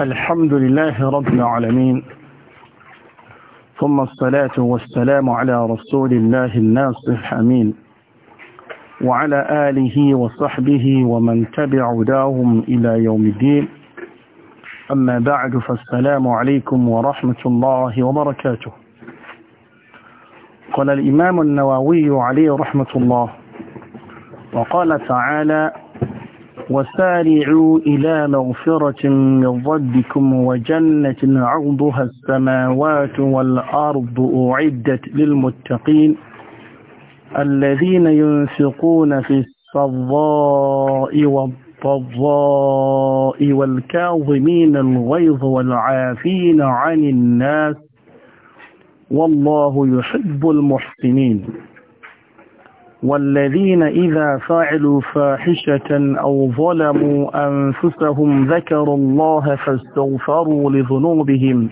الحمد لله رب العالمين ثم الصلاة والسلام على رسول الله الناصح أمين وعلى آله وصحبه ومن تبع داهم إلى يوم الدين أما بعد فالسلام عليكم ورحمة الله وبركاته قال الإمام النووي عليه رحمة الله وقال تعالى وسارعوا إلى مغفرة من ربكم وجنة عرضها السماوات والأرض أعدت للمتقين الذين ينفقون في السراء والضراء والكاظمين الغيظ والعافين عن الناس والله يحب المحسنين والذين إذا فعلوا فاحشة أو ظلموا أنفسهم ذكروا الله فاستغفروا لذنوبهم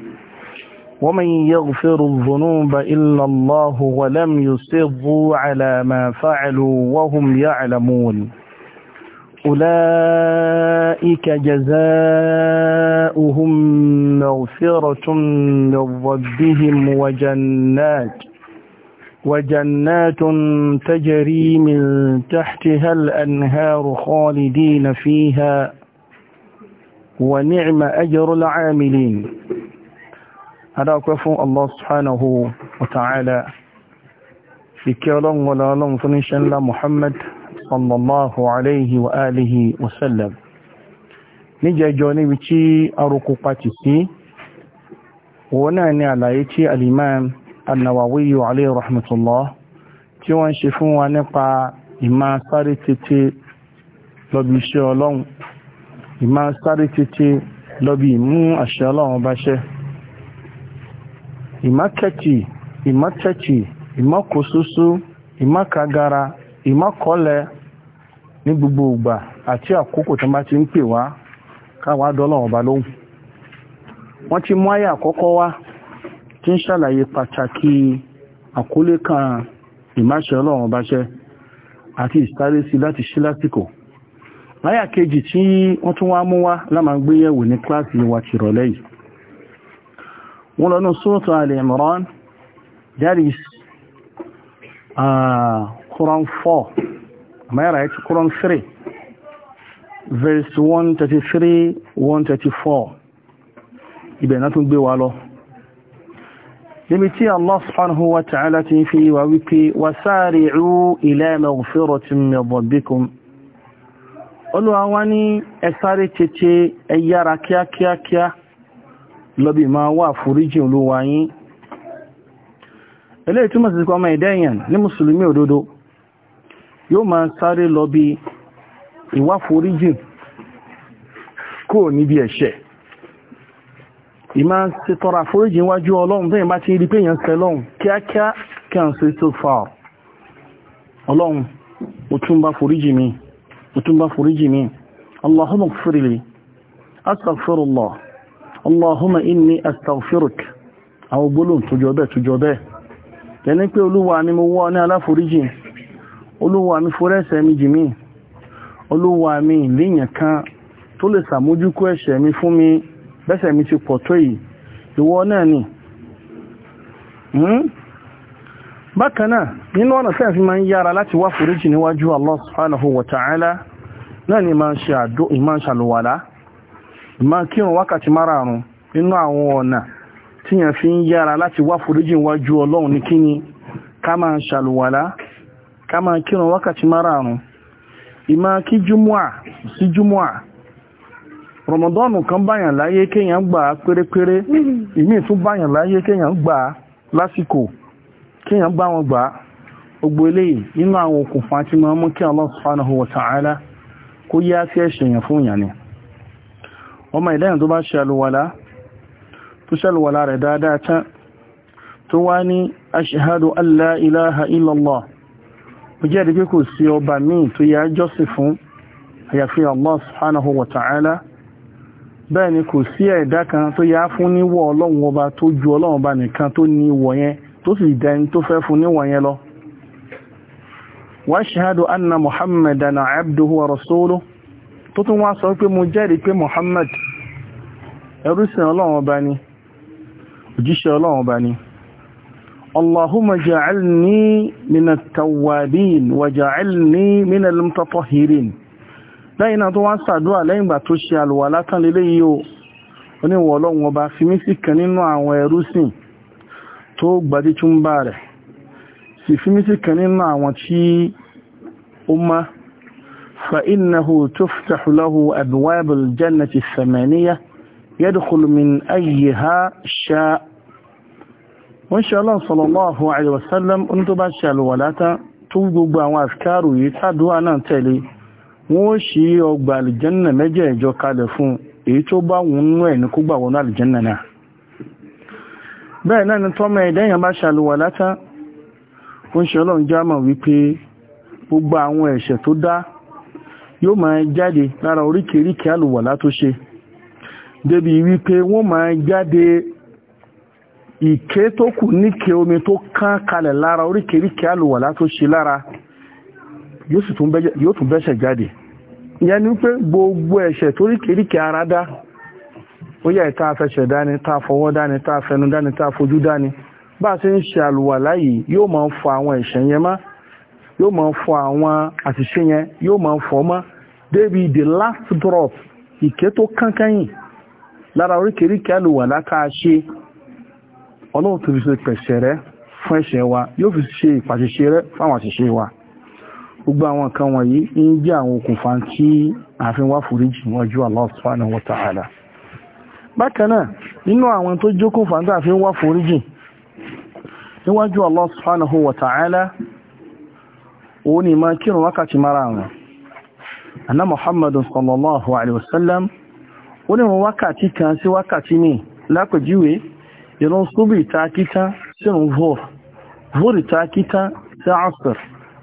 ومن يغفر الذنوب إلا الله ولم يصروا على ما فعلوا وهم يعلمون أولئك جزاؤهم مغفرة من ربهم وجنات وجنات تجري من تحتها الأنهار خالدين فيها ونعم أجر العاملين هذا كف الله سبحانه وتعالى في كلام ولا لون فنشا محمد صلى الله عليه وآله وسلم نجا جوني بشي أرقوقاتي سي ونعني على يتي الإمام an-Nawawi alayhi rahmatullah tí wọ́n ṣe fún wa nípa ìmá sáré tètè lọ́bi iṣẹ́ ọlọ́run ìmá sáré tètè lọ́bi ìmú àṣẹ ọlọ́run bá ṣẹ ìmákẹ́kì ìmákẹ́kì ìmọ́kòsósó ìmọ́kagara ìmọ́kọ́lẹ̀ ní gbogbo ìgbà àti àkókò tó bá ti ń pè wá káwàá dọ́lọ́run bá lóhùn wọ́n ti mú àyà àkọ́kọ́ wá tí ń ṣàlàyé pàtàkì àkólé kan ìmáṣẹ ọlọ́run báṣẹ àti ìsáré sí láti ṣe lásìkò láyà kejì tí wọ́n tún wá mú wá lámàgbéyẹ̀wò ní kíláàsì wa tìrọ̀lẹ́ yìí wọ́n lọ́nà sóòtò Al-Imran that is uh, Quran 4 am I right Quran 3 verse 133 134 ibẹ̀ náà tún gbé wa lọ níbi tí Allah subhanahu wa ta'ala ti fi wà wípé wa sari'u ila maghfiratin min rabbikum olúwa wá ní ẹsáré tètè ẹyára kíákíákíá lọ́bí máa wà fúríjì olúwa yín eléyìí túmọ̀ sí ọmọ ìdẹ́yàn ní mùsùlùmí òdodo yóò máa sáré lọ́bí ìwà fúríjì kúrò níbi ẹ̀ṣẹ̀ ìmá ti tọrọ àforíjì wájú ọlọ́run tó yìí bá ti rí pé èèyàn sẹ lọ́run kíákíá kí à ń ṣe tó fà ọlọ́run ó tún mi allahumma firili astaghfirullah allahumma inni astaghfiruk àwọn gbólóhùn tójọ bẹ́ẹ̀ tójọ bẹ́ẹ̀ yẹni pé olúwa mi mo wọ́ ní aláforíjì olúwa mi forẹ́sẹ̀ mi jì mí olúwa mi líyàn kan tó lè sàmójúkú ẹ̀ṣẹ̀ mi fún mi bẹ́sẹ̀ mi ti pọ̀ tó yìí ìwọ náà ni hmm? bákanáà nínú ọ̀nà tẹ́ fi máa ń yára láti wá foríjì níwájú ta'ala náà ni máa ń ṣe àdó ìmáa ṣàlùwàlá ìmáa kírun wákàtí márààrún nínú àwọn ọ̀nà tí yàn fi ń yára láti wá Ọlọ́run ní kíni ká máa ṣàlùwàlá ká máa kírun wákàtí márààrún ìmáa kí júmọ́à sí júmọ́à rọmọdọ́nù kan báyàn láyé kéèyàn gbà á pérépéré mm-hmm. ìmíì tún báyàn láyé kéèyàn gbà á lásìkò kéèyàn gbà wọn gbà á gbogbo eléyìí nínú àwọn okùnfà tí máa mú kí Allah subhanahu wa ta'ala kó yá sí ẹ̀ṣẹ̀ yẹn fún ìyàn ni ọmọ ìdáyàn tó bá ṣe àlùwàlá tó ṣe àlùwàlá rẹ̀ dáadáa bẹ́ẹ̀ ni kò sí ẹ̀dá kan tó yá fún níwọ̀ ọlọ́run ọba tó ju ọlọ́run ọba nìkan tó ní ìwọ̀ yẹn tó sì dẹni tó fẹ́ fún níwọ̀ yẹn lọ wa ashhadu anna muhammadan abduhu wa tó tún wá sọ pé mo jẹ́rìí pé muhammad ẹrúsìn ọlọ́run ọba ni òjíṣẹ́ ọlọ́run ọba ni allahumma ja'alni min at wa ja'alni min al-mutatahhirin lẹ́yìn náà tó wá ń sàdúrà lẹ́yìn ìgbà tó ṣe àlùwàlá tán léléyìí o oníwọ̀ ọlọ́run ọba fi mí sí kan nínú àwọn ẹrúsìn tó gbadí túnbà rẹ̀ sì fi mí sí kan nínú àwọn tí ó má fa innahu tuftahu lahu abwabul jannati samaniya yadkhulu min tó bá ṣe àlùwàlá tán tó gbogbo àwọn àfikárù wọ́n ṣe ọgbà àlìjẹ́nà mẹ́jẹ̀ẹ̀jọ kalẹ̀ fún èyí tó bá wọn nú ẹ̀ ní kó gbà wọnú àlìjẹ́nà náà bẹ́ẹ̀ náà ni tọ́mọ ẹ̀dẹ́yàn bá ṣàlùwà látá ó ń ṣe ọlọ́run jámọ̀ wípé gbogbo àwọn ẹ̀ṣẹ̀ tó dá yóò máa jáde lára oríkèríkè àlùwàlá tó ṣe débi wípé wọ́n máa jáde ìké tó kù níke omi tó kán kalẹ̀ lára oríkèríkè àlùwàlá tó ṣe lára yóò tún bẹ́ṣẹ̀ jáde ìyẹn ni pé gbogbo ẹ̀ṣẹ̀ tó ríkèríkè ara dá ó yẹ tá a fẹsẹ̀ dání tá a fọwọ́ dání tá a fẹnu dání tá a fojú dání bá a ṣe ń ṣe àlùwàlá yìí yóò máa ń fọ àwọn ẹ̀ṣẹ̀ yẹn mọ́ yóò máa ń fọ àwọn àṣìṣe yẹn yóò máa ń fọ mọ́ débi the last drop ìké tó kánkẹ́yìn lára oríkèríkè àlùwàlá ká a ṣe ọlọ́run tó fi ṣe pẹ̀ṣẹ̀ rẹ fún ẹ̀ṣẹ̀ wa yóò fi ṣe ìpàṣẹṣe rẹ fáwọn àṣìṣe wa gbogbo àwọn nǹkan wọ̀nyí ń jẹ́ àwọn okùnfà tí àfin wá foríjì níwájú Allah subhanahu wa ta'ala bákan náà nínú àwọn tó jókòó fàntà àfin wá foríjì níwájú Allah subhanahu wa ta'ala òun ni máa kírun wákàtí mara àwọn anna muhammadun sallallahu alaihi wasallam ó ní wọn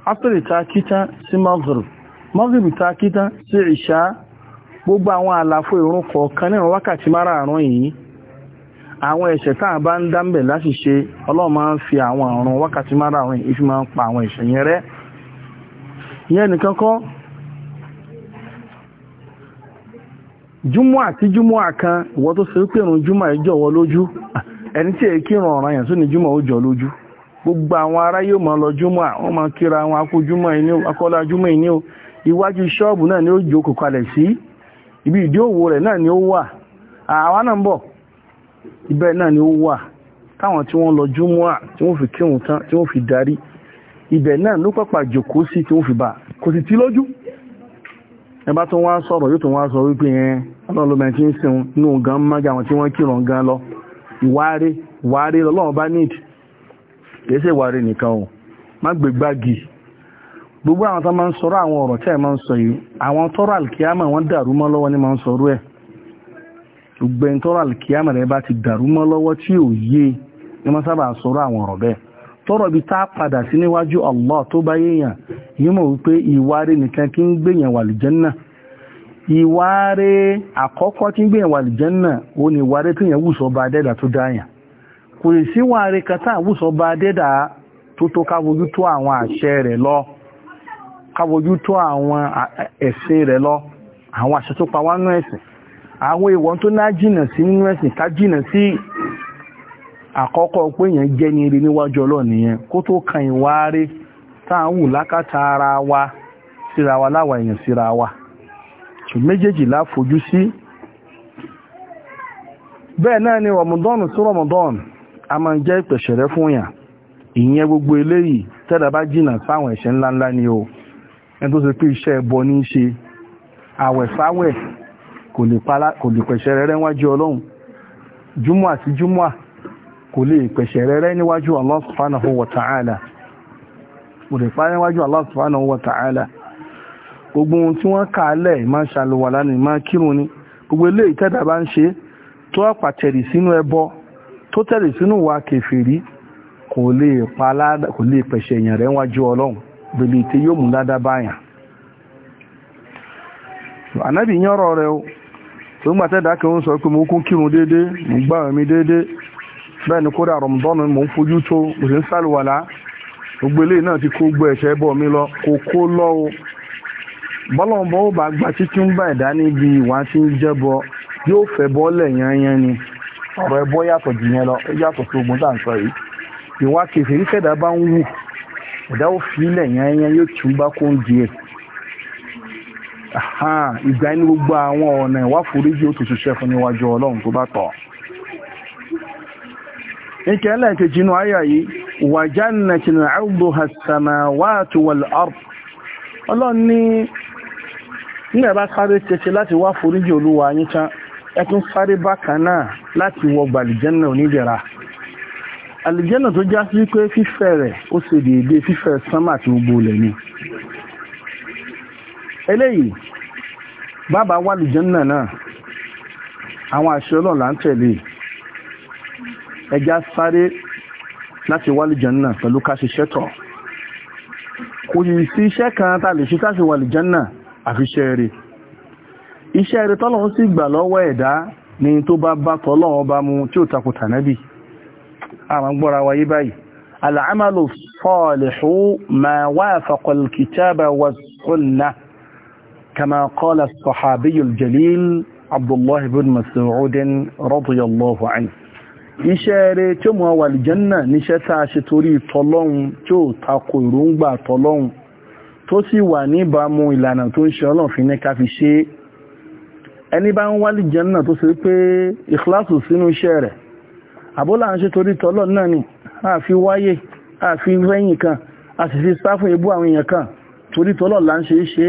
asiri ta kíta sí maghrib maghrib ta kíta sí ìṣá gbogbo àwọn àlàfo afo kọ̀ọ̀kan nínú wákàtí márààrún yìí àwọn ẹ̀ṣẹ̀ tá a bá ń dámbẹ̀ láti ṣe ọlọ́run máa ń fi àwọn àrùn wákàtí márààrún yìí fi máa ń pa àwọn ẹ̀ṣẹ̀ yẹn rẹ́ ìyẹn nìkan kọ́ júmọ́ àti júmọ́ àkan ìwọ tó ṣe pé ìrun júmọ́ ìjọ̀wọ́ lójú ẹni tí gbogbo àwọn ará yóò máa lọ júmọ́ àwọn máa kíra àwọn akójúmọ́ ìní akọ́lá júmọ́ ìní o iwájú ṣọ́ọ̀bù náà ni ó jókòó kalẹ̀ sí ibi ìdí òwò rẹ̀ náà ni ó wà àwa náà ń bọ̀ ibẹ̀ náà ni ó wà táwọn tí wọ́n lọ júmọ́ à tí wọ́n fi kírun tán tí wọ́n fi darí ibẹ̀ náà ló pàpà jókòó sí tí wọ́n fi bà kò sì tí lójú ẹ bá tún wá yóò tún wá sọ wípé yẹn ọlọ́lọ́mọ tí ń sìn nù gan mọ́jà àwọn tí wọ́n kírun gan lọ ìwárí ìwárí lọ́lọ́run bá nídìí kèése ìwárí nìkan o má gbé gbági gbogbo àwọn tó máa ń sọ̀rọ̀ àwọn ọ̀rọ̀ tí ẹ máa ń sọ yìí àwọn tọ́rọ̀ alkiyama wọ́n dàrú mọ́ lọ́wọ́ ní máa ń sọ̀rọ̀ ẹ̀ gbogbo ẹni tọ́rọ̀ alkiyama rẹ̀ bá ti dàrú mọ́ lọ́wọ́ tí ò yé ní máa sábà sọ̀rọ̀ àwọn ọ̀rọ̀ bẹ́ẹ̀ tọ́rọ̀ bí tá a padà sí níwájú Allah tó bá yéèyàn yìí mọ̀ wípé ìwárí nìkan kí ń gbèyàn wà lìjẹ́nà ìwárí àkọ́kọ́ tí ń gbèyàn wà lìjẹ́nà ó ní ìwárí tó yẹn wù sọ bá adẹ́dà tó dáyàn kò sí wà rẹ̀ kàtà àwùsọ̀ bá dédà tó tó káwojú tó àwọn àṣẹ rẹ lọ káwojú tó àwọn rẹ lọ àwọn àṣẹ tó pa wá nú ẹ̀sìn àwọn tó ná jìnà sí nínú ẹ̀sìn ká jìnà sí àkọ́kọ́ pé èèyàn jẹ́ ní eré níwájú nìyẹn kó tó kan ìwà wù lákàtà ara wa síra wa láwa èèyàn síra wa méjèèjì láfojú sí a máa jẹ́ ìpẹ̀ṣẹ̀rẹ́ fún yàn ìyẹn gbogbo eléyìí tẹ́lẹ̀ bá jìnnà sáwọn ẹ̀ṣẹ̀ ńláńlá ni o ẹni tó ṣe pé iṣẹ́ ẹbọ ní í ṣe àwẹ̀ sáwẹ̀ kò lè pẹ̀ṣẹ̀rẹ́ rẹ́ níwájú ọlọ́run júmọ́ àti júmọ́ kò lè pẹ̀ṣẹ̀rẹ́ rẹ́ níwájú Allah subhanahu wa ta'ala kò wa ta'ala gbogbo ohun tí wọ́n kà á lẹ̀ máa ń ṣàlùwàlá ni máa kírun ni gbogbo eléyìí tẹ́lẹ̀ bá ń ṣe tó àpàtẹ̀rì sínú ẹbọ tó tẹ̀lé sínú wa kèfèrí kò lè palada kò lè pẹ̀ṣẹ̀ èèyàn rẹ̀ wájú ọlọ́run bèlè tí yóò mú ládá báyàn ànábì yán ọ̀rọ̀ rẹ̀ o tó ń gbàtẹ́ dákẹ́ ń sọ pé mo kún kírun dédé mo gbá mi dédé bẹ́ẹ̀ ni kódà rọ̀mùdọ́nù mo ń fojú tó mo sì ń sàlùwàlá gbogbo eléyìí náà ti kó gbọ́ ẹ̀ṣẹ̀ bọ̀ mí lọ kò kó lọ o bọ́lọ́mọbọ́ ó bá gba títí bá ẹ̀dá níbi ìwà tí ń jẹ́bọ yóò fẹ́ bọ́ lẹ̀ yán ni ọ̀rọ̀ ẹbọ yàtọ̀ jù yẹn lọ ó yàtọ̀ sí ogun dáǹsọ yìí ìwà kẹfẹ́ yìí tẹ̀dá bá ń wù ọ̀dà òfin ilẹ̀ yẹn yẹn yóò tún bá kó ń di ẹ̀ ìgbà inú gbogbo àwọn ọ̀nà ìwà foríjì ó tún ṣiṣẹ́ fún níwájú ọlọ́run tó bá tọ̀ ìkẹ́ ẹlẹ́ẹ̀kejì inú ayà yìí wà jannati àrùbọ̀ as-samawati wal-ard ọlọ́run ní nígbà bá sáré tẹ̀tẹ̀ láti wá foríjì olúwa yín tán ẹ tún sáré bákan náà láti wọ gbàlìjẹ́nà onídẹ̀ra àlìjẹ́nà tó já sí pé fífẹ̀ rẹ̀ ó ṣe déédéé fífẹ̀ sánmà àti gbogbo ilẹ̀ ni eléyìí bàbá wà àlìjẹ́nà náà àwọn àṣẹ ọlọ́run là ń tẹ̀lé ẹja sáré láti wà àlìjẹ́nà pẹ̀lú ká ṣiṣẹ́ tọ̀ kò sì sí iṣẹ́ kan tá a lè ṣe tá a fi wà àlìjẹ́nà àfiṣẹ́ rẹ̀ iṣẹ́ rẹ̀ tọ́lọ́run sì gbà lọ́wọ́ ẹ̀dá ni tó bá bá tọ́lọ́run ọba mu tí ó takò tànábì àwọn gbọ́ra wáyé báyìí al-amalu salihu ma wafaqa al-kitaba wa sunnah kama qala as-sahabiyyul jalil abdullahi bin mas'ud radiyallahu anhu iṣẹ́ rẹ̀ tí ó mọ̀ wà lìjánà níṣẹ́ tó sì wà níbàámu ìlànà tó ń ṣe ọlọ́fin ní ká ṣe ẹni bá ń wálì jẹ́nà tó sì pé ìkìláàsù sínú iṣẹ́ rẹ̀ àbólà ń ṣe torí tọ́lọ̀ náà ni a fi wáyé a fi rẹ́yìn kan a sì fi sáfún ebú àwọn èèyàn kan torí tọ́lọ̀ là ń ṣe é ṣe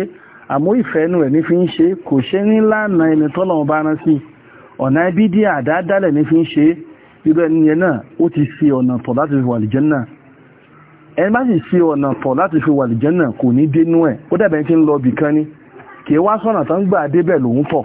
àmọ́ ìfẹ́ inú rẹ̀ ní fi ń ṣe kò ṣe ní lánàá ẹni tọ́lọ̀ bá rán sí ọ̀nà ibi díẹ̀ àdádálẹ̀ ní fi ń ṣe irú ẹni yẹn náà ó ti fi ọ̀nà tọ̀ láti fi wàlì jẹ́nà ẹni bá sì fi ọ̀nà tọ̀ láti fi wàlì jẹ́nà kò ní dénú ẹ̀ ó dàbẹ̀ kí ń lọ bìkan ni kì í wá sọ̀nà tán gbà débẹ̀ lòun tọ̀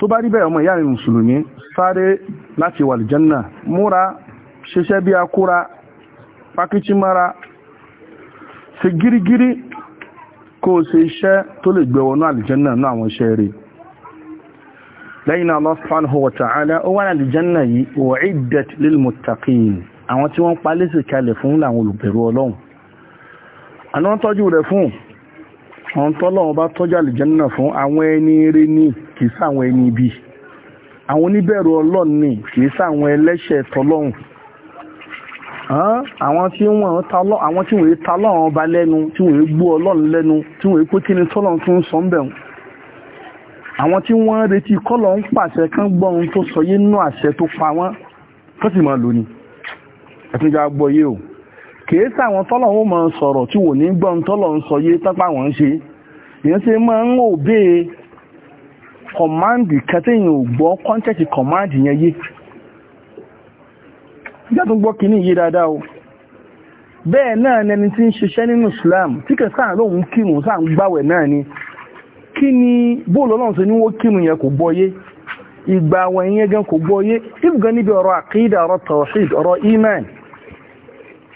tó bá rí bẹ́ẹ̀ ọmọ ìyá rẹ̀ mùsùlùmí sáré láti wà lìjánà múra ṣiṣẹ́ bí akúra pákíchí mara ṣe gírígírí kó o ṣe iṣẹ́ tó lè gbé wọnú àlìjánà náà àwọn iṣẹ́ rẹ̀ lẹ́yìn náà Allah subhanahu wa ta'ala wà ní àwọn tọ́lọ́wọ́n bá tọ́jú àlìjẹ́nà fún àwọn ẹni eré ní kì í sáwọn ẹni ibi àwọn oníbẹ̀rù ọlọ́run ní kì í sáwọn ẹlẹ́ṣẹ̀ tọ́lọ́run àwọn tí wọ́n ta lọ́run ọba lẹ́nu tí wọ́n gbọ́ ọlọ́run lẹ́nu tí wọ́n pé kí ni tọ́lọ́run tún sọ ń bẹ̀rù àwọn tí wọ́n retí kọ́lọ̀ ń pàṣẹ kán gbọ́ tó sọ yé nínú àṣẹ tó pa wọ́n tó sì máa lò ní ẹ̀túnjà gbọ́ yé o kìí sàwọn tọ́lọ̀ ó máa sọ̀rọ̀ tí wò ní gbọ́n tọ́lọ̀ ń sọ yé tápá wọ́n ń ṣe ìyẹn ṣe máa ń òbé kọ̀máǹdì kẹtẹ́yìn ò gbọ́ kọ́ńtẹ́kì kọ̀máǹdì yẹn yé jẹ́tún gbọ́ kìíní yé dáadáa o bẹ́ẹ̀ náà ni ẹni tí ń ṣiṣẹ́ nínú Islam tí kẹ̀ sáà lóun kírun sáà ń gbàwẹ̀ náà ni kí ni bóòlù ọlọ́run ṣe ni wọ́n kírun yẹn kò gbọ́ yé ìgbà àwọn ẹ̀yẹn gan kò gbọ́ yé ibùgan níbi ọ̀rọ̀ àkídà ọ̀rọ̀ tawhid ọ̀rọ̀ iman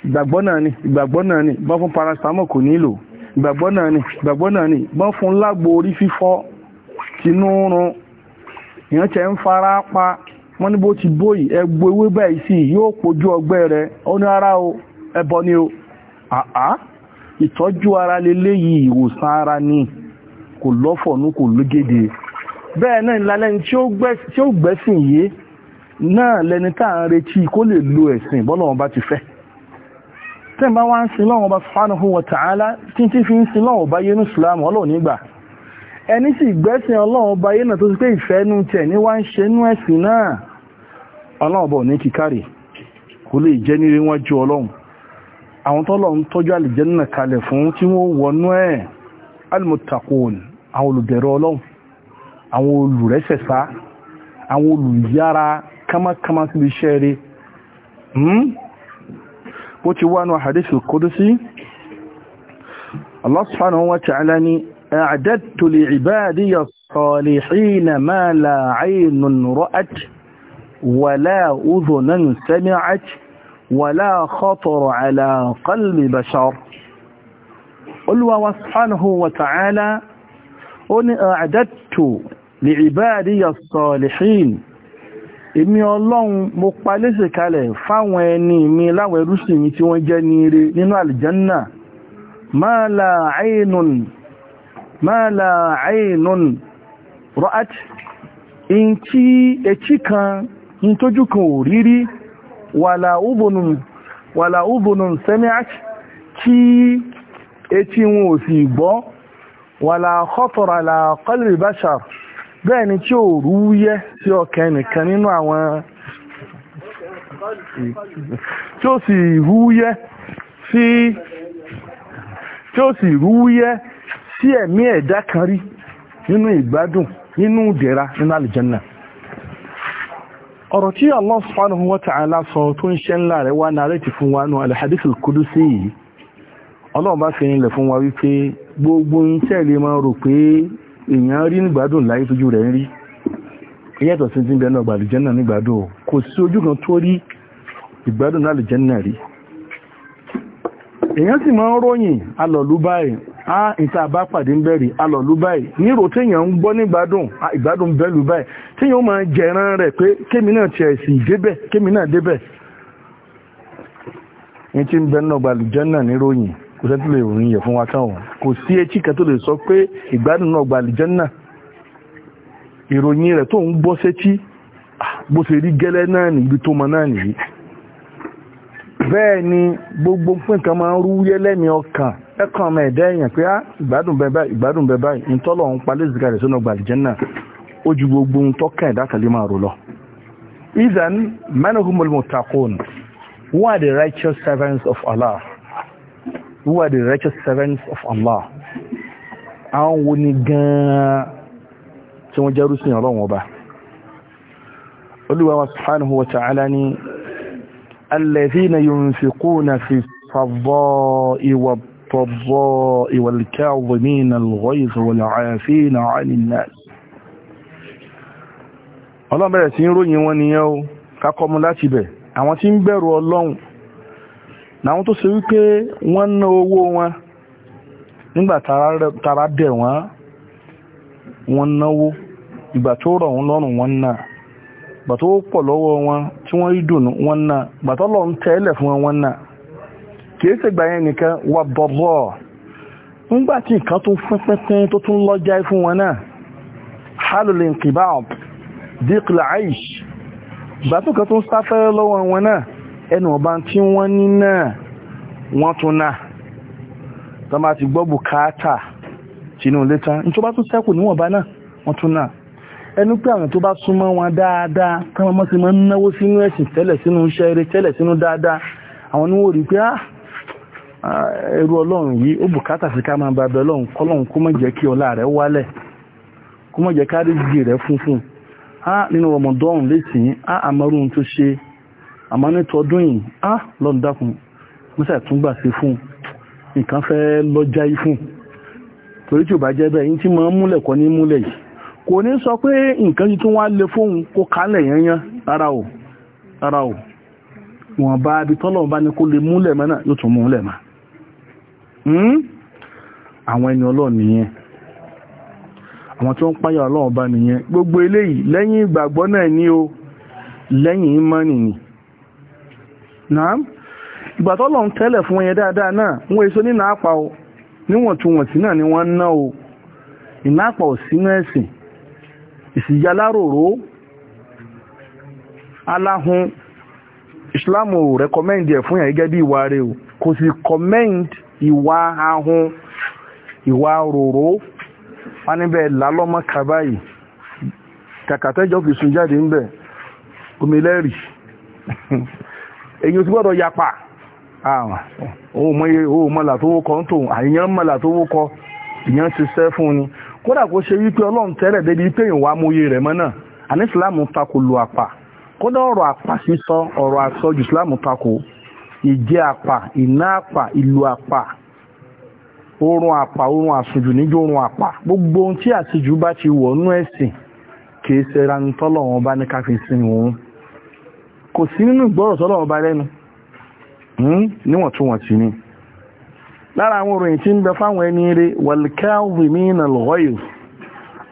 ìgbàgbọ́ náà ni ìgbàgbọ́ náà ni bọ́n fún paracetamol kò nílò ìgbàgbọ́ náà ni ìgbàgbọ́ náà ni bọ́n fún lágbo orí fífọ́ tinú run èèyàn tẹ̀ ń fara pa wọ́n ní bó ti bóyì ẹgbó ewé báyìí sí yóò pojú ọgbẹ́ rẹ ó ní ara o ẹbọ ni o àá ìtọ́jú ara leléyìí ìwòsàn ara ni kò lọ́fọ̀ọ́nù kò lógede bẹ́ẹ̀ náà ìlànà tí ó gbẹ́sìn yìí náà lẹni tá à ń retí kó lè lo ẹ̀sìn bọ́lọ́wọ́n bá ti fẹ́ tí bá wá ń sin lọ́wọ́ bá subhanahu wa ta'ala tí tí fi ń sin lọ́wọ́ bá yẹnu islam ọlọ́run nígbà ẹni sì gbẹ́sìn ọlọ́run bá yẹnu tó ti pé ìfẹ́ nú tẹ̀ ní wá ń ṣe nú ẹ̀sìn náà ọlọ́run bọ̀ ní kíkárì kò lè jẹ́ وتي وان حديث القدسي الله سبحانه وتعالى اعددت لعبادي الصالحين ما لا عين رات ولا اذن سمعت ولا خطر على قلب بشر قل هو سبحانه وتعالى اني اعددت لعبادي الصالحين èmi ọlọ́run mo pa léṣe kalẹ̀ fáwọn ẹni mi láwọn ẹrúsìn mi tí wọ́n jẹ́ ní ire nínú àlìjánà ma la aynun ma la aynun ra'at in tí etí kan in tójú kan ò rírí wàlà ubunun wàlà ubunun sami'at wọn ò sì gbọ́ wàlà khatara bẹ́ẹ̀ ni tí òòrù wúyẹ́ sí ọkàn ẹnìkan nínú àwọn tí ó sì wúyẹ́ sí tí ó sì wúyẹ́ sí ẹ̀mí ẹ̀dá kan rí nínú ìgbádùn nínú ìdẹ̀ra nínú àlìjẹ́nà ọ̀rọ̀ tí Allah subhanahu wa ta'ala sọ tó ń ṣe ńlá rẹ̀ wá fún wa nù al-hadith al yìí ọlọ́run bá wa wípé gbogbo ń tẹ̀lé máa èèyàn rí nígbàdùn láyé tójú rẹ̀ ń rí yàtọ̀ sí ti ń bẹ̀rẹ̀ àgbàlùjẹ́nà nígbàdùn kò sí ojú kan tó rí ìgbádùn náà àlùjẹ́nà rí èèyàn sì máa ń ròyìn alọ̀lú báyìí á ìta bá pàdé ń bẹ̀rẹ̀ alọ̀lú báyìí nírò téèyàn ń gbọ́ nígbàdùn ìgbádùn bẹ́lú báyìí téèyàn máa jẹran rẹ̀ pé kémi náà tiẹ̀ sì débẹ̀ kémi náà débẹ̀ ní ti ń bẹ̀rẹ̀ àgbàlùjẹ́nà níròyìn kò sẹ́ni tó lè ròyìn yẹ̀ fún wa tán o kò sí etí kan tó lè sọ pé ìgbádùn náà gba àlìjẹ́nà ìròyìn rẹ̀ tó ń gbọ́ sétí bó ṣe rí gẹ́lẹ́ náà níbi tó mọ náà nìyí bẹ́ẹ̀ ni gbogbo pín kan máa ń rú yẹ́lẹ́mi ọkàn ẹ̀kan ọmọ ẹ̀dá èèyàn pé ah, ìgbádùn bẹ́ẹ̀ báyìí ìgbádùn bẹ́ẹ̀ báyìí ìtọ́lọ̀ ń palẹ́ ìzìkà rẹ̀ sínú gbàlìjẹ́ náà ó ju gbogbo ohun tọ́kàn ẹ̀dá kan lè máa rò lọ. izan manahumul mutakun who are the righteous servants of Allah who are the righteous servants of Allah àwọn wo ni gan-an tí wọ́n jẹ́rú sí ọlọ́run ọba olúwa wa subhanahu wa ta'ala ni alladhina yunfiquna fi fadda'i wa tadda'i wal kadhimina al-ghayz wal 'afina 'anil nas ọlọ́run bẹ̀rẹ̀ sí ń ròyìn wọn na tó ṣe wípé wọ́n ná owó wọn nígbà tara dẹ̀ wọ́n wọ́n náwó ìgbà tó rọ̀ wọ́n lọ́rùn wọ́n náà ìgbà tó pọ̀ lọ́wọ́ wọn tí wọ́n rí dùn wọ́n náà ìgbà tó lọ tẹ́lẹ̀ fún wọn wọ́n náà kìí ṣe gbà yẹn nìkan wà bọ̀bọ̀ nígbà tí nǹkan tó fún wọn náà kibab dikla aish ìgbà tó kan tó ń sáfẹ́rẹ́ ẹnu ọba tí wọ́n ní náà wọ́n tún náà tó máa ti gbọ́ bùkátà sínú ilé tán ní tó bá tún sẹ́kù níwọ̀nba náà wọ́n tún náà ẹnu pé àwọn tó bá súnmọ́ wọn dáadáa táwọn mọ́ sí máa ń náwó sínú ẹ̀sìn tẹ́lẹ̀ sínú iṣẹ́ eré tẹ́lẹ̀ sínú dáadáa àwọn ni wọ́n rí pé ah, ah, ẹrú ọlọ́run yìí ó bùkátà sí ká máa bá bẹ ọlọ́run kọ́lọ́run kó má kí ọlá rẹ̀ wálẹ̀ kó má ká rí jì rẹ̀ funfun ah, nínú ọmọdọ́rùn lẹ́sìn á àmọ́rún tó ṣe àmọ́ ní tọdún yìí á ah, lọ́n dákun mọ́sà tún gbà sí fún nǹkan fẹ́ lọ́jà yìí fún torí tí ò bá jẹ́ bẹ́ẹ̀ yín tí máa ń múlẹ̀ kọ́ ní múlẹ̀ yìí kò ní sọ pé nǹkan yìí tún wá lè fóun kó kálẹ̀ yányán rárá o rárá o wọ́n bá bí tọ́lọ̀ bá ní kó lè múlẹ̀ mọ́ náà yóò tún múlẹ̀ mọ́ hmm? àwọn ẹni ọlọ́ọ̀ nìyẹn àwọn tí wọ́n páyà ọlọ́ọ̀ bá nìyẹn gbogbo eléyìí lẹ́yìn ìgbàgbọ́ náà ní o lẹ́yìn ìmánì ni náà ìgbà tó lọ́n tẹ́lẹ̀ fún ẹyẹ dáadáa náà wọ́n èso nínú àpá o níwọ̀ntúnwọ̀ntí náà ni wọ́n ń ná o ìnápa ò sínú ẹ̀sìn ìsìyà láròró aláhun ìsìláàmù ò rẹ́kọ́mẹ́ǹdì ẹ̀ fún yàn gẹ́gẹ́ bí ìwà rẹ̀ o kò sì kọ́mẹ́ǹdì ìwà ahun ìwà ròró wọn níbẹ̀ lálọ́mọ́ kàbáyì kàkàtẹ́jọ́ fi jáde ńbẹ̀ èyí ò sì gbọ́dọ̀ yapa òun ah. mọ̀là tó wókọ ń tòun àyíyàn mọ̀là tó wókọ ìyàn ti sẹ́ fún ni kódà kó ṣe wípé ọlọ́run tẹ́lẹ̀ débi pé ìwà amóye rẹ̀ mọ́ náà àní ìsìláàmù tako lu àpà kódà ọ̀rọ̀ àpà sísọ ọ̀rọ̀ àsọ ju ìsìláàmù tako ìjẹ àpà ìná àpà ìlú àpà oorun àpà oorun àsùnjù níjó oorun àpà gbogbo ohun tí àtijọ́ bá ti wọ̀ nú ẹ̀sìn kì í ṣe ra ní tọ́lọ̀ wọn bá ní ká fi sin kò sí nínú ìgbọ́rọ̀ sọ́lọ̀ ọba lẹ́nu hmm? níwọ̀ntúnwọ̀nsí ni lára àwọn òròyìn tí ń bẹ fáwọn ẹni rẹ̀ wàlkẹ́ọ̀vìmínà lọ́yìl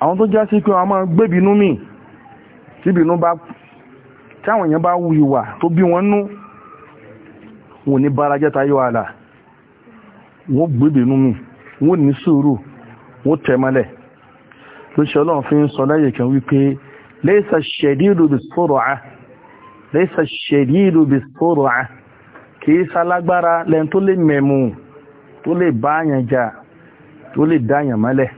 àwọn tó já sí pé wọ́n máa gbébinú mì tíbinú bá táwọn èèyàn bá wu ìwà tó bí wọ́n nú wọ́n ní bára jẹ́ tayọ àlà wọ́n gbébinú mì wọ́n ní sùúrù wọ́n tẹ̀mọ́lẹ̀ ló ṣe ọlọ́run sọ láyè kan wípé laysa shadidu bis-sur'a lẹ́sà ṣèdíìlú bí sọ̀rọ̀ à kì í sálágbára lẹ́n tó lè mẹ̀mú tó lè báyàn jà tó lè dáyàn mọ́lẹ̀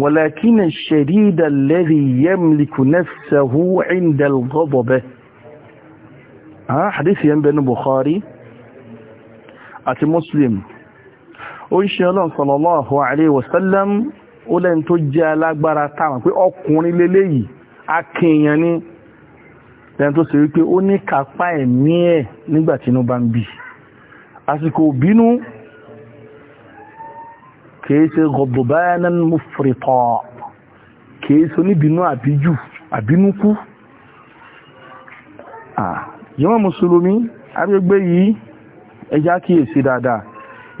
wàlákínà ṣèdíìdà lẹ́rì yẹ́mlikù nẹ́fṣẹ̀hú ìndẹ̀lgọ́bọ̀bẹ̀ hadith yẹn bẹnu Bukhari àti Muslim ó ń ṣe ọlọ́n sallallahu alaihi wasallam lẹ́yìn tó ṣe wípé ó ní kápá ẹ̀mí ẹ̀ nígbà tí inú bá ń bí àsìkò òbínú kìí ṣe ghadbanan mufrita kìí ṣe oníbínú àbíjù àbínúkú jàmá mùsùlùmí agbègbè yìí ẹjá kíyèsí dáadáa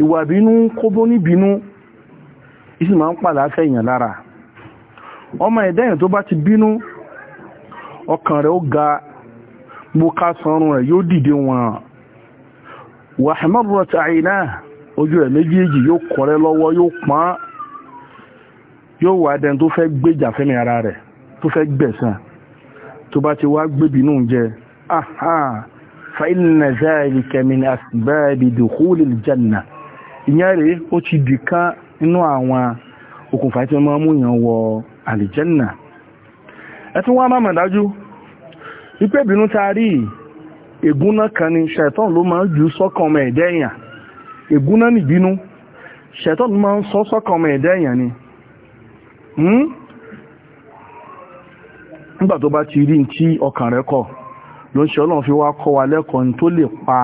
ìwà bínú kóbó níbínú ìsì máa ń pàdà fẹ̀yàn lára ọmọ ẹ̀dẹ́yìn tó bá ti bínú ọkàn rẹ̀ ó ga bó ká sanrun rẹ̀ yóò dìde wọn wàhámọ́rọ̀ tàìná ojú ẹ̀ méjèèjì yóò kọ̀rẹ́ lọ́wọ́ yóò pọ́n yóò wà dẹni tó fẹ́ gbéjà fẹ́mi ara rẹ̀ tó fẹ́ gbẹ̀sán tó bá ti wá gbébinú jẹ fàínà zalika min asbabi dukhulil janna ìyẹn rèé ó ti dì kan nínú àwọn okùnfà tí wọ́n mú yàn wọ àlìjẹ́nà ẹ tún wá má mọ̀ dájú wípé ìbínú ta rí ègúnná kan ni ṣẹ̀tọ́n ló máa ń jù sọ́kàn ọmọ ẹ̀dá èèyàn ègúnná nìbínú ṣẹ̀tọ́n ló máa ń sọ sọ́kàn ọmọ ẹ̀dá èèyàn ni hmm? nígbà tó bá ti rí tí ọkàn rẹ̀ kọ̀ ló ń ṣe ọlọ́run fi wá kọ́ wa lẹ́kọ̀ọ́ tó lè pa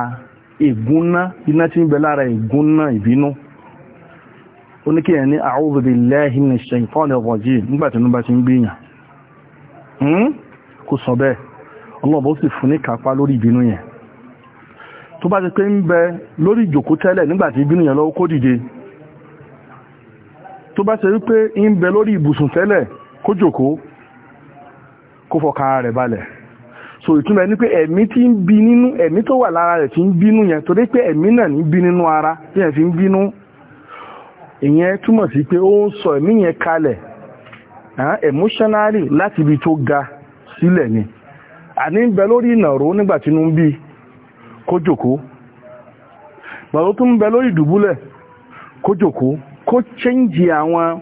ègúnná iná tí ń bẹ lára ègúnná ìbínú ó ní kíyàn ní a'udhu billahi minash shaytanir rajim nígbà tí wọ́n bá ti ń gbìyàn hmm? kò sọ bẹ́ẹ̀ ọlọ́ọ̀bọ̀ sì fún ní lori lórí ìbínú yẹn tó bá ti pé ń bẹ lórí ìjòkó tẹ́lẹ̀ nígbàtí ìbínú yẹn lọ́wọ́ kó dìde tó bá ṣe wípé ń bẹ lórí ìbùsùn tẹ́lẹ̀ kó jòkó kó so ìtumọ̀ ní pé ẹ̀mí tí ń bí nínú ẹ̀mí tó wà lára rẹ̀ tí ń bínú yẹn torí pé ẹ̀mí náà ní bí nínú ara yẹn fi ń bínú ìyẹn túmọ̀ sí pé ó ń sọ ẹ̀mí yẹn kalẹ̀ ah, emotionally láti ibi tó ni àní ń bẹ lórí ìnàró nígbà tí inú ń bí kó jòkó gbàdó tó ń bẹ lórí ìdùbúlẹ̀ kó jòkó kó chẹ́ǹjì àwọn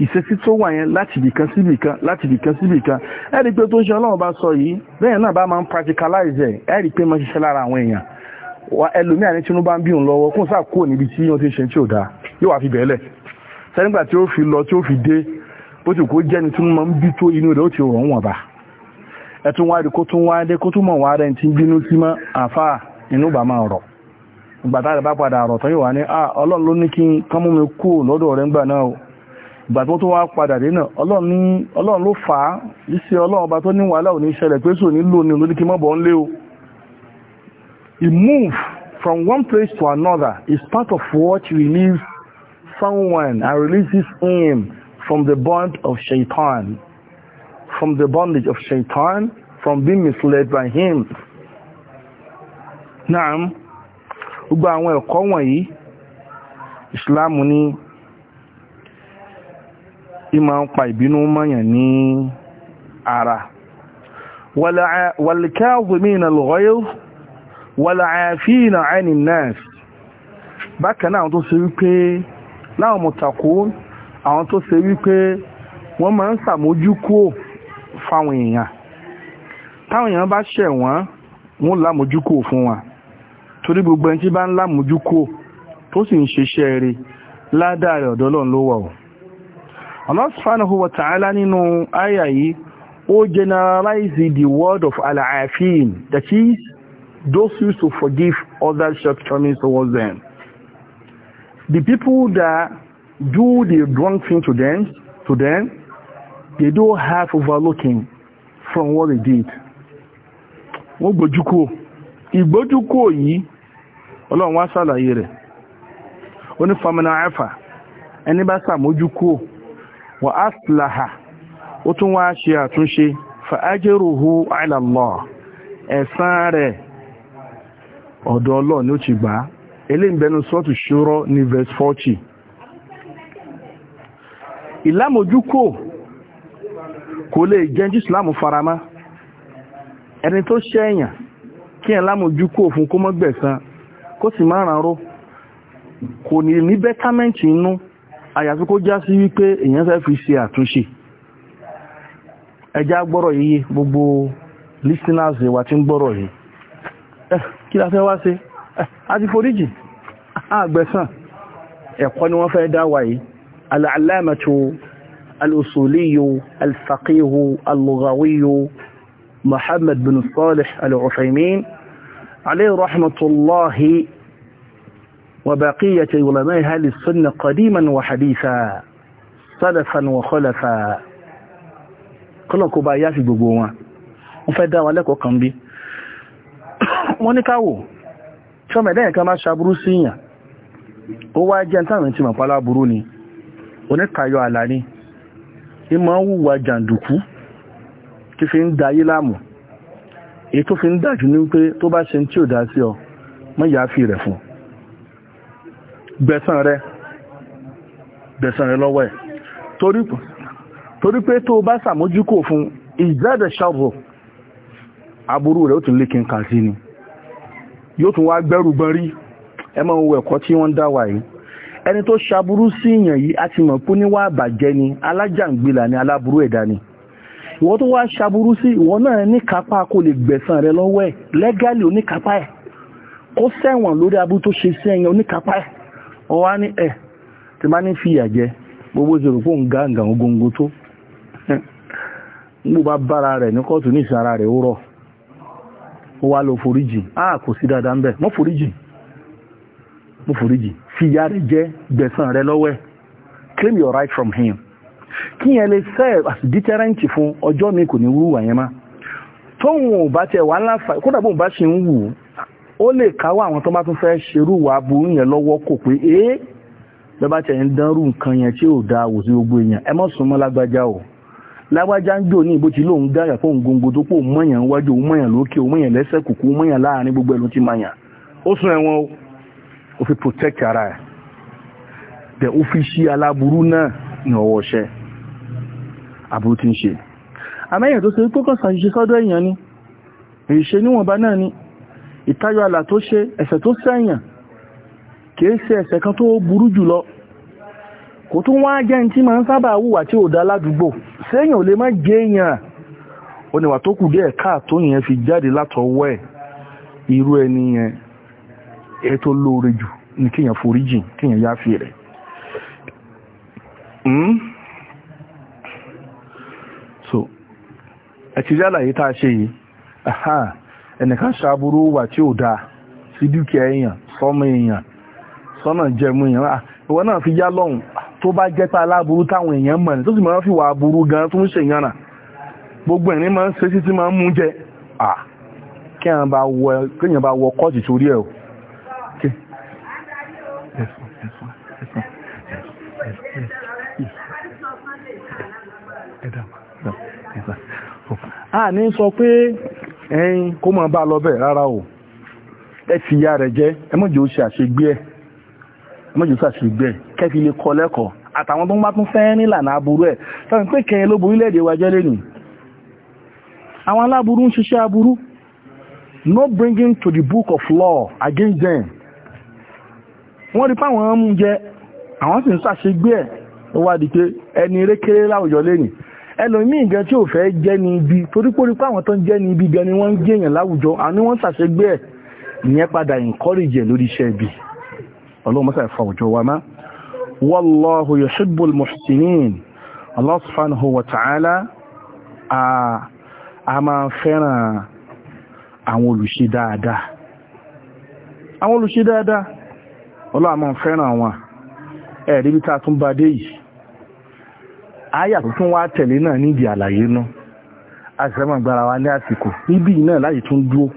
ìṣesí tó wà yẹn láti ibìkan sí ibìkan láti ibìkan sí ibìkan ẹ rí i pé tó ń ṣe ọlọ́run bá sọ yìí bẹ́ẹ̀ náà bá máa ń practicalize ẹ̀ ẹ rí pé máa ṣiṣẹ́ lára àwọn èèyàn ẹlòmíà ní tinubu ń bí òun lọ́wọ́ kó n sáà kúrò níbi tí wọ́n ti ń ṣe tí ò dáa yóò wá fi bẹ̀ẹ́lẹ̀ sẹ́nígbà tí ó fi lọ tí ó fi dé bó ti kó jẹ́ni tí wọ́n máa ń bí tó inú rẹ̀ ó ti rọ̀ wọ̀n bá ẹtún wáde kó tún wáde kó tún mọ̀ wáde tí ń bínú sí mọ́ àfá inú bà máa rọ̀ ìgbàtà rẹ̀ bá padà rọ̀ tán yóò wá ní à ọlọ́run ló ní kí n kán mi kú lọ́dọ̀ rẹ̀ ńgbà náà o ìgbà tó tún wá padà dé náà ọlọ́run ló fà á iṣẹ́ ọlọ́run ọba tó ní wàhálà ò ní ṣẹlẹ̀ pé sò nílò ni o he move from one place to another is part of what relieves someone and releases him from the bond of shaitan from the bondage of shaitan, from being misled by him. Naam, gbogbo àwọn ẹ̀kọ́ wọ̀nyí, Ìsìláàmù ní ìmọ̀ ń pa ìbínú mọ́yàn ní ara. Wàlìkáàzùmínà lọ́yọ́, wàlàáfíìnà àìní náà. Bákan náà tó ṣe wípé láwọn mọ̀tàkó, àwọn tó ṣe wípé wọ́n máa ń sàmójú kúò fáwọn èèyàn táwọn èèyàn bá ṣẹ̀ wọ́n wọ́n lámójúkò fún wa torí gbogbo ẹni tí bá ń lámójúkò tó sì ń ṣiṣẹ́ rẹ̀ ládàá rẹ̀ ọ̀dọ̀ ló wà o Allah subhanahu wa nínú àyà yìí ó generalize the word of al-afin that is those who to forgive other shortcomings towards them the people that do the wrong thing to them to them they don't have overlooking from what they did wọ́n gbójúkúò ìgbójúkúò yìí ọlọ́run wá sàlàyé rẹ̀ ó ní famina afa ẹni bá sàmójúkúò wà áṣìláhà ó tún wá ṣe àtúnṣe fa'ajiruhu ala Allah rẹ̀ ọ̀dọ̀ ọlọ́run ni ó ti gbà sọ́ọ̀tù ṣúrọ́ ní verse 40 kò lè jẹ́ tí farama ẹni tó ṣẹ̀yàn kí ẹ̀ lámójú kó òfin kó mọ́ gbẹ̀san kó sì máa rànró kò ní ní bẹ́támẹ́ǹtì inú àyàfi kó já sí wípé èèyàn fẹ́ fi ṣe àtúnṣe ẹjá gbọ́rọ̀ yìí gbogbo listeners wa ti ń gbọ́rọ̀ yìí eh, kí la fẹ́ wá ṣe eh, a ti foríjì àgbẹ̀san ẹ̀kọ́ ni wọ́n fẹ́ dá wa yìí alàlámẹ́tò الأصولي الفقيه اللغوي محمد بن صالح العثيمين عليه رحمة الله وبقية علماء أهل السنة قديما وحديثا سلفا وخلفا kọ́lọ̀ kó bá yá sí gbogbo wọn wọ́n fẹ́ dá wa lẹ́kọ̀ọ́ kan bí wọ́n ní káwò ṣọ́mọ̀ ẹ̀dẹ́yìn kan máa ṣàbúrú síyàn ó wá jẹ́ táwọn ti mọ̀ pálábúrú ni oníkayọ̀ àlà ni ìmọ̀ ń wùwà jàǹdùkú tí fi ń da ayé láàmú èyí tó fi ń dájú ní pé tó bá ṣe tí ò dá sí ọ mọ́ ìyá fi rẹ̀ fún gbẹ̀san rẹ̀ gbẹ̀san rẹ̀ lọ́wọ́ ẹ̀ torí pé tó bá sàmójúkò fún ìjáde ṣàbọ̀ aburú rẹ̀ ó tún lékin kàtí ni yóò tún wá gbẹ́rù gbọ́n rí ẹ máa ń wo ẹ̀kọ́ tí wọ́n dá wa yìí ẹni tó ṣaburú sí ìyàn yìí a ti mọ̀ pé níwá àbàjẹ́ ni alájàngbìlà ni aláburú ẹ̀dá ni ìwọ tó wá ṣaburú sí ìwọ náà ní kápá kó lè gbẹ̀san rẹ lọ́wọ́ ẹ̀ lẹ́gàlì oníkápá ẹ̀ kó sẹ́wọ̀n lórí aburú tó ṣe sí ẹ̀yàn oníkápá ẹ̀ ọwá ní ẹ̀ tí bá ní fìyà jẹ gbogbo ìṣòro fún gàǹgà ogungun tó gbogbo bá bára rẹ̀ ní kóòtù ní ìsara rẹ̀ ó rọ̀ ó wá lọ foríjì á kò sí dáadáa ń bẹ̀ mọ́ foríjì mọ́ foríjì fìyà rẹ̀ jẹ́ gbẹ̀san rẹ̀ lọ́wọ́ ẹ̀ claim your right from him kí yẹn lè serve as deterrent fún ọjọ́ mi kò ní wúwà yẹn má tóun ò bá tiẹ̀ wà láǹfààní kódà bóun bá ṣe ń wù ó lè káwọ́ àwọn tó bá tún fẹ́ ṣerú wà burú yẹn lọ́wọ́ kò pé é bẹ́bá tẹ̀ ń dánrú nǹkan yẹn tí ò dáa wò sí gbogbo èèyàn ẹ má súnmọ́ lágbájá o lágbájá ń jò ní ìbò tí lóun gáyà fóun gbogbo tó pò mọ̀yàn wájú òun mọ̀yàn lókè òun mọ̀yàn lẹ́sẹ̀ kùkú òun mọ̀yàn láàrin gbogbo ẹ̀ ló ti mọ̀yàn ó sún ẹ̀wọ̀n o ó fi protect ara ẹ̀ dẹ̀ ó fi ṣí aláburú náà ní ọwọ́ ṣẹ́ àbúrú tí ń ṣe àmẹ́yàn tó ṣe pé kọ́ sàṣiṣẹ́ sọ́dọ̀ èèyàn ni èyí ṣe níwọ̀nba náà ni ìtayọ àlà tó ṣe ẹ̀ṣẹ̀ tó sẹ́yàn kìí ṣe ẹ̀ṣẹ̀ kan tó burú jùlọ kò tún wá jẹ́ tí ma ń sábà wùwà tí ò dá ládùúgbò sẹ́yìn ò lè má jẹ́ èèyàn oníwà tó kù díẹ̀ káà tó yẹn fi jáde látọwọ́ ẹ̀ irú ẹni yẹn èyí tó lóore jù ní kíyàn foríjìn kíyàn yáfi rẹ̀ hmm? so ẹ̀tìrí àlàyé tá ṣe yìí ẹnìkan ṣàbúrú wà tí ò dáa sí dúkìá èèyàn sọmọ èèyàn sọ́nà jẹmú èèyàn ah, ìwọ náà fi já lọ́hùn tó bá jẹ́ táwọn èèyàn mọ̀ ní tó sì fi wà aburú gan tó ń ṣe gbogbo ẹ̀rín máa ń ṣe sí tí máa ń mú jẹ ah, kéèyàn bá wọ kọ́ọ̀tì a ah, ní sọ pé ẹyin kó mọ̀ bá lọ bẹ́ẹ̀ rárá o ẹ fi ya rẹ̀ jẹ́ ẹ mọ̀jọ́ ṣe ẹ mọ̀jọ́ ṣe àṣegbé ẹ̀ kẹ́fi lè kọ́ lẹ́kọ̀ọ́ àtàwọn tó ń bá tún fẹ́ nílànà aburú ẹ̀ sọ pé kẹyìn ló borí lẹ́ẹ̀dẹ̀ wa jẹ́ lẹ́nu àwọn aláburú ń ṣiṣẹ́ aburú no bringing to the book of law against them wọ́n rí fáwọn mú jẹ àwọn sì ń ṣàṣegbé ẹ̀ ó pé ẹni erékeré láwùjọ lẹ́nìí ẹlòmíì gan tí ò fẹ́ jẹ́ ní ibi torí pé tó ń jẹ́ ní ibi gan ni wọ́n ń gèèyàn láwùjọ àní wọ́n ṣàṣegbé ẹ̀ ìyẹn padà encourage lórí iṣẹ́ ibi ọlọ́run mọ́sà àwọn olùṣe dáadáa ọlọ́àmọ́ fẹ́ràn àwọn ẹ̀rí bí ta tún bá dé yìí àyà tó tún wá tẹ̀lé náà níbi àlàyé náà a sì fẹ́mọ̀ gbára wa ní àsìkò níbi náà láyé tún dúó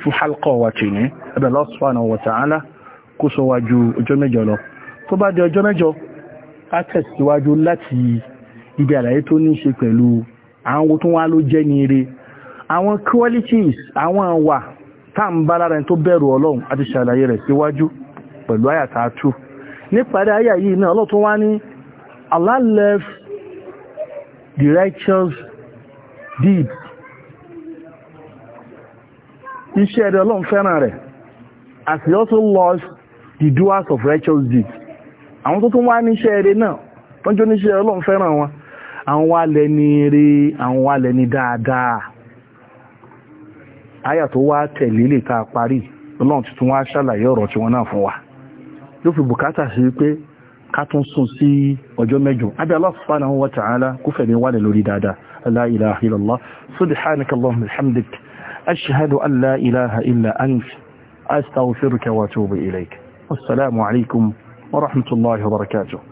fún halkọ̀ wa tì ní ẹbẹ̀ lọ́sùwọ̀n wa ta'ala kó sọ wájú ọjọ́ mẹ́jọ lọ tó bá di ọjọ́ mẹ́jọ á tẹ̀síwájú láti ibi àlàyé tó ní ṣe pẹ̀lú àwọn owó tó wá ló jẹ́ ní eré àwọn qualities àwọn àwà tá à ń bá lára ẹni tó bẹ̀rù ọlọ́run àti ṣàlàyé rẹ̀ síwájú pẹ̀lú àyàtà tú níparí àyà yìí náà ọlọ́tún wá ní Allah left the righteous deed iṣẹ́ rẹ̀ ọlọ́run fẹ́ràn rẹ̀ as he also lost the doers of righteous deeds àwọn tó tún wá iṣẹ́ rẹ̀ náà wọ́n jó níṣẹ́ ọlọ́run fẹ́ràn wọn àwọn wá lẹ́ni rí àwọn wá lẹ́ni dáadáa àyà tó wá tẹ̀lé lè ta parí ọlọ́run tuntun wá ṣàlàyé ọ̀rọ̀ tí wọ́n náà fún wa. yóò fi bùkátà sí pé ká tún sùn sí ọjọ́ mẹ́jọ abẹ́ Allah subhanahu wa ta'ala kó fẹ̀mí wà lórí dáadáa la ilaha illallah subhanaka allahumma bihamdik ashhadu an la ilaha illa ant astaghfiruka wa atubu